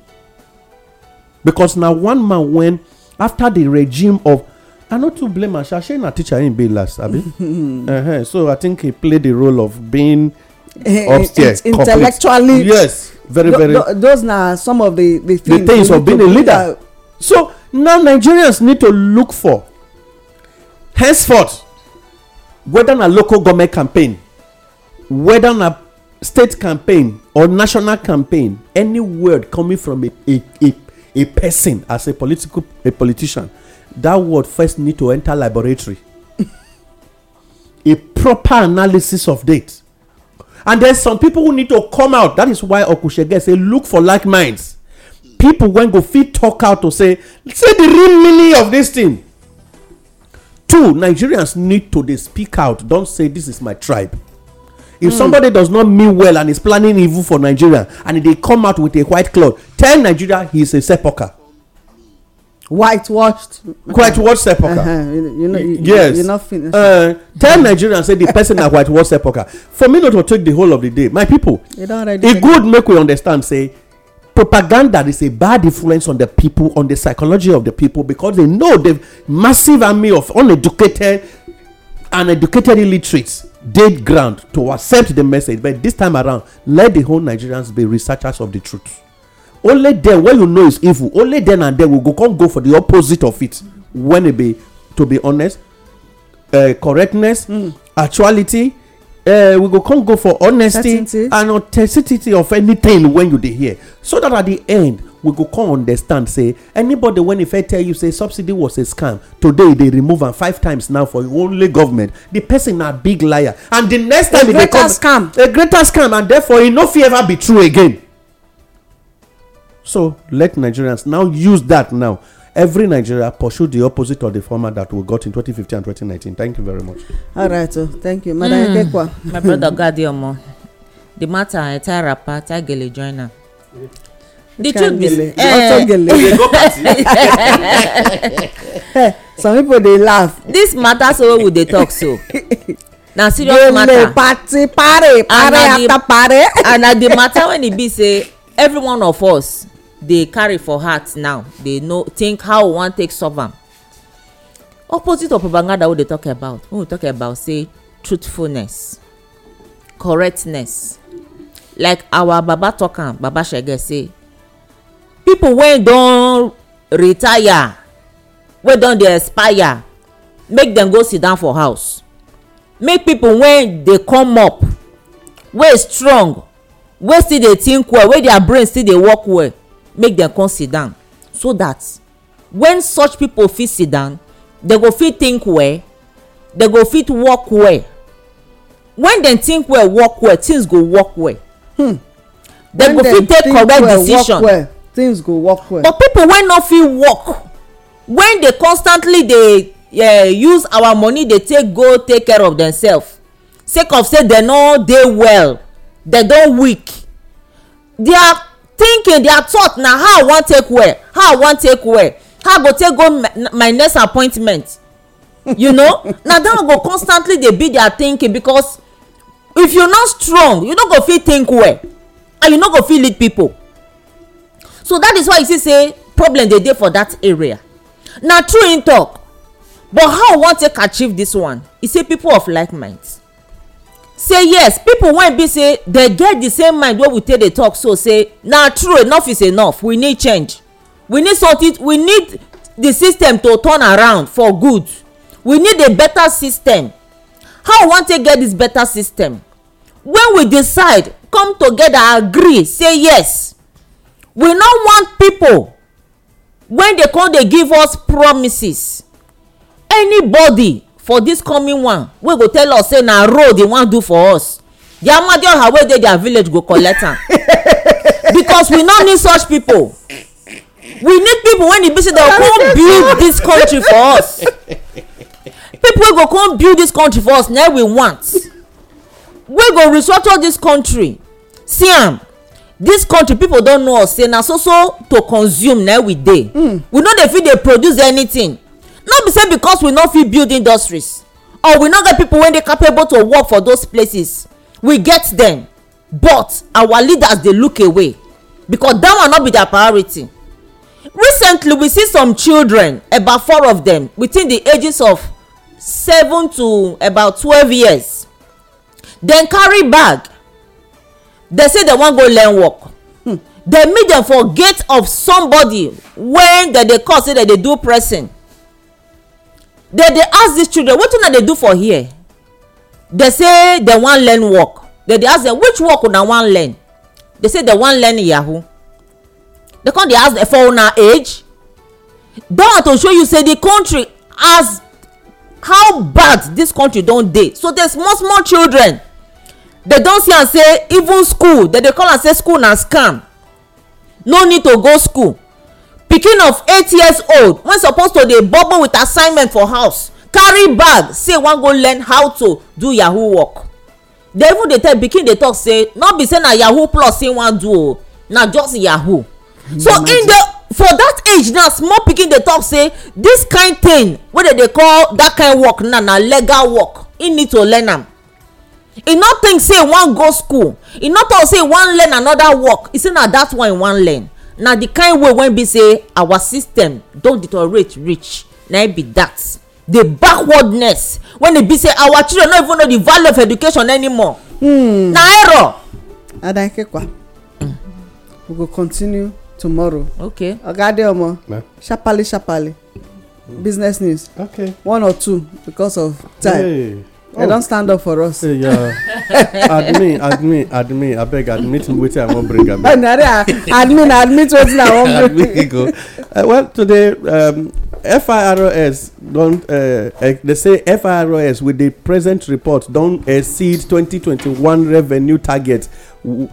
because na one man wen after di regime of i no too blame asha shey na teacher im be last abi uh-huh. so i think he play the role of being eh, upstairs intellectually yes very very those na some of the the things of being a leader so now nigerians need to look for henceforth whether na local government campaign whether na state campaign or national campaign any word coming from a a a a person as a political a politician that word first need to enter laboratory a proper analysis of date and there's some people who need to come out that is why okushege say look for like minds people when go fit talk out to say say the real meaning of this thing two nigerians need to dey speak out don say this is my tribe if mm. somebody does not mean well and is planning evil for nigeria and they come out with a white cloth tell nigeria he is a sepulcher. whitewashed. whitewashed sepulcher. Uh-huh. You, you know, you, yes. You're not finished. Uh, tell Nigerians say the person na whitewashed sepulcher. For me not to take the whole of the day, my people. You e good make we understand say propaganda is a bad influence on the people, on the psychology of the people because they know the massive army of uneducated and educated illiterates did ground to accept the message but this time around let the whole nigerians be researchers of the truth only then when you know is evil only then and then we go come go for the opposite of it when it be to be honest uh, correctness mm. actuality uh, we go come go for honesty Certainty. and authenticity of anything when you dey hear so that at the end we go come understand say anybody when e fit tell you say subsidy was a scam today dey remove am five times now for only government the person na big liar and the next time e dey come scam. a greater scam and therefore e no fit ever be true again so let nigerians now use that now every Nigeria pursue the opposite of the format that we got in 2015 and 2019. Thank you very much. All right, so thank you, Madam mm. Ekekwa. My brother Gadiomo, the matter entire rapper Tagele join am the truth be eh. eh some people dey laugh this matter so wey we dey talk so na serious matter party party party after party and na the matter when e be say every one of us dey carry for heart now dey know think how we wan take solve am opposite of propaganda we dey talk about when we talk about say truthfulness correctness like our baba talk am baba shege say people wey don retire wey don dey expire make dem go sit down for house make people wey dey come up wey strong wey still dey think well wey their brain still dey work well make dem come sit down so that when such people fit sit down dem go fit think well dem go fit work well when dem think well work well things go work well hmm. dem go fit take correct well, decision well things go work well but people wey no fit work wen dey constantly dey eh, use our money dey take go take care of themselves sake of say dem no dey well dem don weak their thinking their thought na how i wan take well how i wan take well how i go take go my next appointment you know na that one go constantly dey be their thinking because if you no strong you no go fit think well and you no go fit lead people so that is why you see say problem dey dey for that area na true im talk but how we wan take achieve this one e say people of like mind say yes people wey be say dey get the same mind wey we take dey talk so say na true enough is enough we need change we need something we need the system to turn around for good we need a better system how we wan take get this better system when we decide come together agree say yes we no want people wey dey come dey give us promises anybody for this coming one wey go tell us say na road e wan do for us the amadioha wey dey their village go collect am because we no need such people we need people wey e be say dem go come build this country for us people wey go come build this country for us na e we want wey go restructure this country see am This country people don know us say na so so to consume na we dey hmm. we no dey fit dey produce anything no be say because we no fit build industries or we no get people wey dey capable to work for those places we get them, but our leaders dey look away because that one no be their priority recently we see some children about four of them, within the ages of seven to about twelve years dem carry bag dem say dem wan go learn work hmm. dem meet dem for gate of somebody wey dem dey call say dem dey do pressing dem dey ask dis children wetin una dey do for here dem say dem wan learn work dem dey ask dem which work una wan learn dem say dem wan learn yahoo dem come dey ask dem for una age dat one to show you say di country as how bad dis country don dey so dey small small children dem don see am say even school dem dey call am say school na scam no need to go school pikin of eight years old wey suppose to dey bubble with assignment for house carry bag say wan go learn how to do yahoo work dey even dey tell pikin dey talk say no be say na yahoo plus im wan do o na just yahoo so im dey for that age now small pikin dey talk say this kind thing wey dem dey call that kind work now na legal work im need to learn am e no think say e wan go school e no talk say e wan learn another work e say na that one e wan learn na the kind way wey be say our system don deteriorate reach na e be that the backwardness when e be say our children no even know the value of education anymore Hmm. na error. adakekwa mm. we go continue tomorrow. okay oga adeomo sharparly sharparly hmm. business news okay one or two because of time. Hey oh. dem don stand up for us. Hey, uh, admin admin admin abeg admit wetin i wan bring abeg. admin admit wetin i wan bring. admin go uh, well today um, firs don uh, eh, they say firs with the present report don exceed 2021 revenue target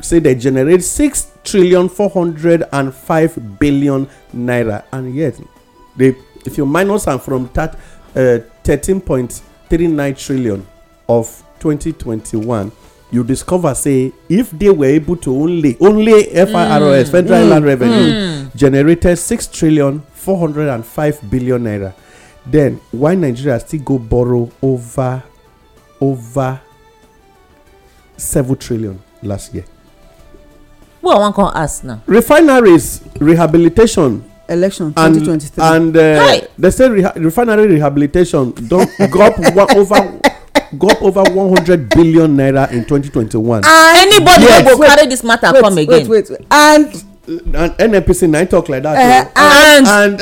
say they generate six trillion four hundred and five billion naira and yet they if you minus am from that uh, thirteen point three nine trillion of 2021 you discover say if they were able to only only FIRS mm. federal mm. land revenue mm. generated six trillion four hundred and five billion naira then why Nigeria still go borrow over over seven trillion last year Who I one can ask now refineries rehabilitation election 2023 and, and uh, hey. they say reha refinery rehabilitation don drop one over Go up over one hundred billion naira in twenty twenty one. anybody wey go carry this matter come again wait wait and and nnpc na talk like that uh, oh. and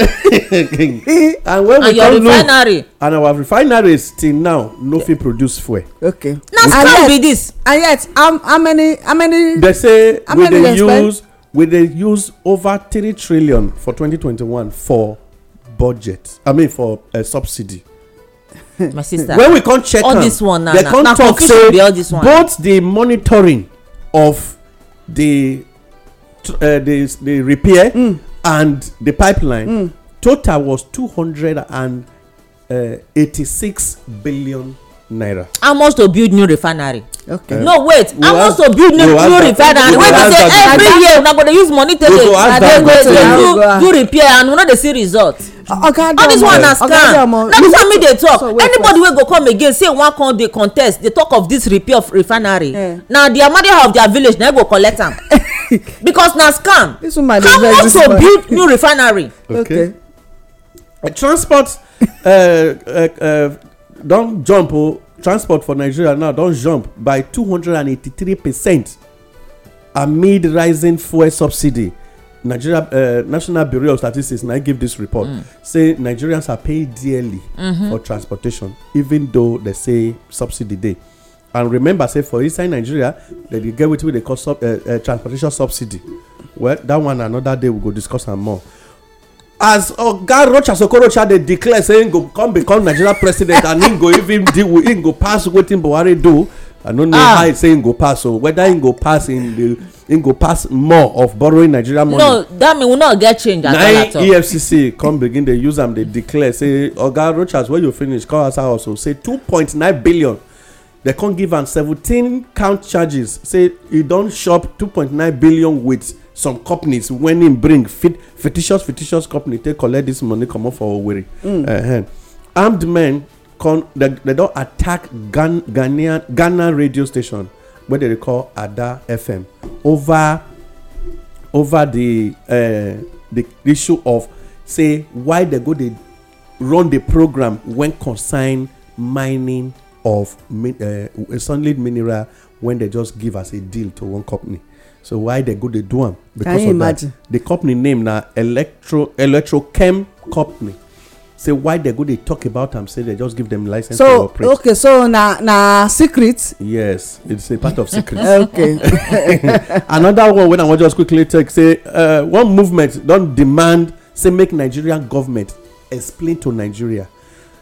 and and when we come look and our refinery still now no fit produce fuel okay na scam be this. and yet how many how many they say we dey use we dey use over 3 trillion for twenty twenty one for budget i mean for uh, subsidy my sister when we come check all this one na na confusion be all this one both the monitoring of the uh, the the repair mm. and the pipeline mm. total was two hundred and uh, eighty-six billion naira. how much to build new refinery. okay uh, no wait how much to build new, new refinery wey be say every year una go dey use money take dey do do repair and we no dey see result all this one na scam na this one me dey talk anybody wey go come again say wan come dey contest dey talk of this repair of refinery eh. na their amadiha of their village na e go collect am because na scam come on to build new refinery okay uh, transport Uh. Uh. Uh. don jump o oh. transport for nigeria now don jump by two hundred and eighty-three percent amid rising fuel subsidy nigeria uh, national bureau of statistics now give this report mm. say nigerians are paid dearly mm -hmm. for transportation even though they say subsidy dey and remember say for inside nigeria they dey get wetin we dey call sub, uh, uh, transportation subsidy well that one another day we go discuss am more as oga rocha sokorocha dey declare say im go come become nigeria president and im go even deal with im go pass wetin buhari do I don't know ah. how it's saying go pass. So whether it go pass in the it go pass more of borrowing Nigeria money. No, that mean we not get change at all at all. EFCC come begin dey use am dey declare say Oga Rochas when you finish call us house o say two point nine billion dem come give am seventeen count charges say e don shop two point nine billion with some companies when im bring fit fictitious fictitious company take collect dis money comot for owerri. Mm. Uh -huh. armed men con they, they don attack Gan, Ghanaian, ghana radio station wey dem dey call ada fm over over the uh, the issue of say why they go dey run the program when concern mining of uh, sunlit mineral when they just give as a deal to one company so why they go dey do am. because of imagine? that the company name na electro electrochem company say why they go dey talk about am say they just give them license to operate so okay so na na secret yes it's a part of secret okay another one wey i wan just quickly take say uh, one movement don demand say make nigerian government explain to nigeria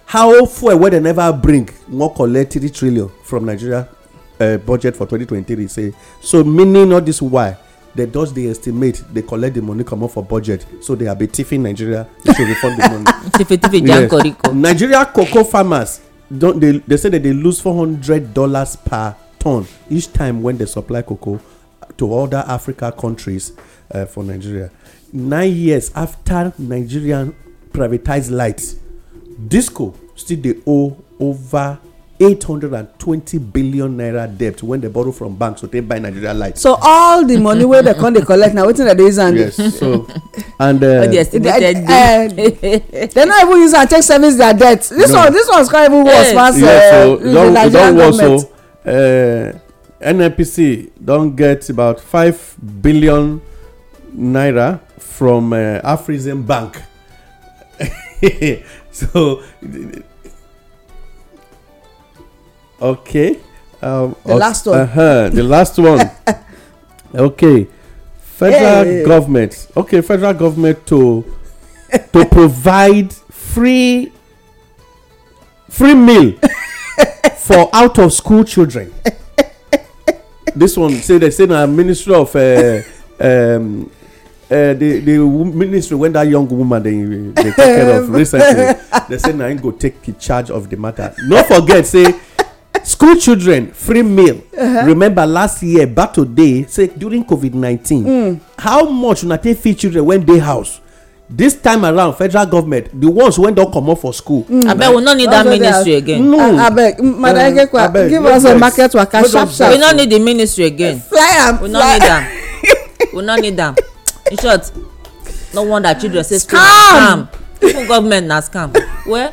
how fuel wey dem never bring wan collect three trillion from nigeria uh, budget for 2023 say so meaning all this why dem just they estimate They collect the money comot for budget so they are be thiefing nigeria they should refund the money. tife tife jan koriko. nigeria cocoa farmers don They they say that they lose four hundred dollars per ton each time when they supply cocoa to other africa countries uh, for nigeria nine years after nigerian privatized light disco still dey owe over Eight hundred and twenty billion naira debt when they borrow from banks to take buy nigeria light. so all the money wey dem come dey collect na wetin dem dey use am do. yes so and. Uh, oh yes they dem eh, no even use am take service their debt this no. one this one is come even worse pass mm, uh, the nigerian government. so uh, nnpc don get about five billion naira from uh, afrexim bank so Okay. Um, the last one. Uh-huh, the last one. okay. Federal hey. government. Okay, federal government to to provide free free meal for out of school children. this one say they say na ministry of uh, um, uh, the the ministry when that young woman they they take care of recently they say now him go take charge of the matter. Not forget say school children free meal uh-huh. remember last year back day, say during covid-19 hmm. how much una take feed children when dey house this time around federal government the ones wey don comot for school hmm. abeg we no need that ministry again no abeg madam ekekwa uh, give us a market waka sharp sharp we no need the ministry again fly am we no need am we no need am in short no wonder children say school na scam even government na scam well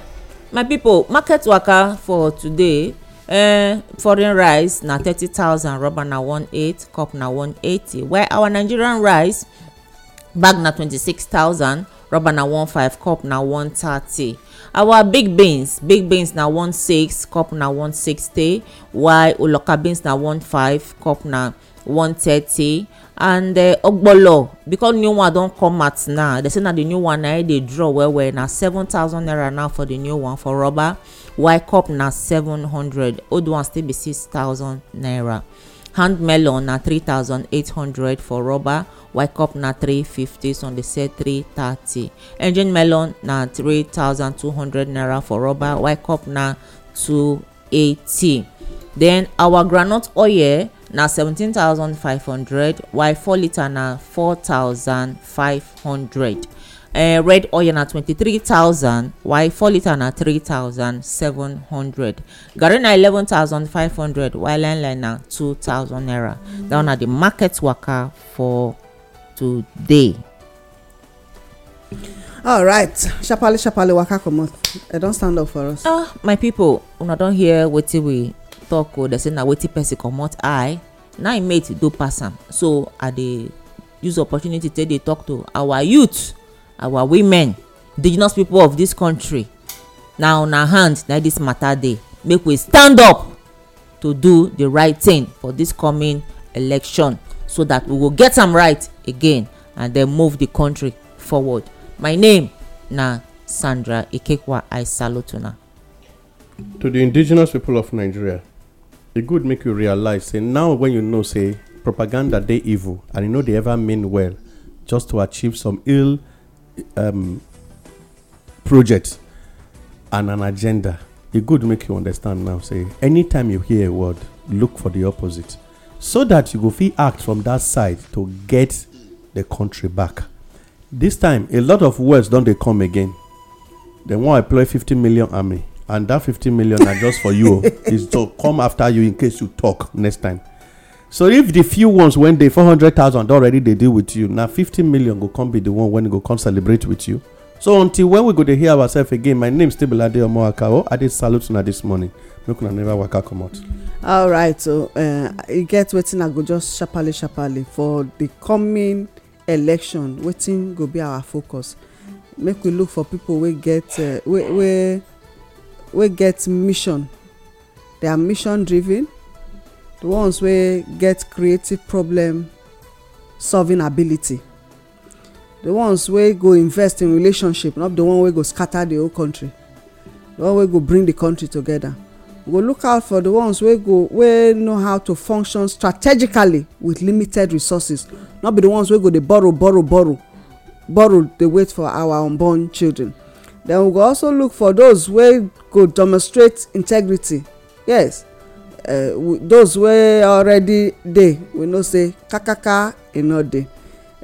my people market waka for today uh, foreign rice na thirty thousand rubber na one eight cup na one eighty while our nigerian rice bag na twenty-six thousand rubber na one five cup na one thirty our big beans big beans na one six cup na one sixty while oloka beans na one five cup na one thirty and uh, ogbolo because new one don come out now They say na the new one na e dey draw well well na seven thousand naira now for the new one for rubber White cup na seven hundred old one still be six thousand naira hand melon na three thousand eight hundred for rubber White cup na three fifty some dey sell three thirty engine melon na three thousand two hundred naira for rubber White cup na two eighty then our groundnut oil na seventeen thousand five hundred while four litre na four thousand five hundred eh, red oil na twenty-three thousand while four litre na three thousand seven hundred garri na eleven thousand five hundred while line line na two thousand naira that one na the market waka for today. all right shapali shapali, waka comot i eh, don stand up for us. ah uh, my pipo una don hear wetin we talk o dem say na wetin person comot eye na im mate do pass am so i dey use opportunity take dey talk to our youth our women indigenous people of dis country na una hand na dis matter dey make we stand up to do the right thing for this coming election so that we go get am right again and then move the country forward my name na sandra ikekwa i salute una. to the indigenous people of nigeria the good make you realize say now when you know say propaganda dey evil and you know they ever mean well just to achieve some ill um, project and an agenda e good make you understand now say anytime you hear a word look for the opposite so that you go fit act from that side to get the country back this time a lot of words don dey come again dem wan employ 50 million army and that 15 million are just for you is to come after you in case you talk next time so if the few ones when they 400000 already they deal with you now 15 million go come be the one when go come celebrate with you so until when we go dey hear ourselves again my name still bilade omoakawo i dey salute una this morning make una never waka comot. right. so uh, e get wetin i go just sharparly sharparly for di coming election wetin go be our focus make we look for pipo wey get uh, wey wey wey get mission they are mission driven the ones wey get creative problem solving ability the ones wey go invest in relationship not the one wey go scatter the whole country the one wey go bring the country together we go look out for the ones wey go wey know how to function strategically with limited resources not be the ones wey go dey borrow borrow borrow borrow dey wait for our unborn children then we go also look for those wey could demonstrate integrity yes eh, those wey already dey we know say kakaka e no dey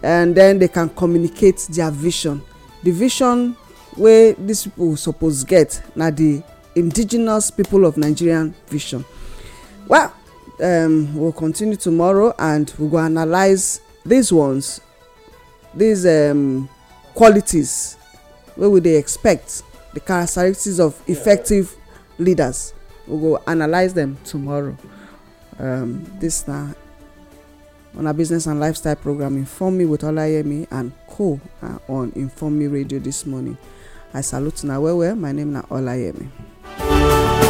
and then they can communicate their vision the vision wey these people suppose get na the indigenous people of nigerian vision well um, we'll continue tomorrow and we go analyze these ones these um, qualities wey we dey expect the characteristics of effective leaders we go analyse them tomorrow um, this na on our business and lifestyle program inform me with olayemi and co uh, on inform me radio this morning i salute una well well my name na olayemi.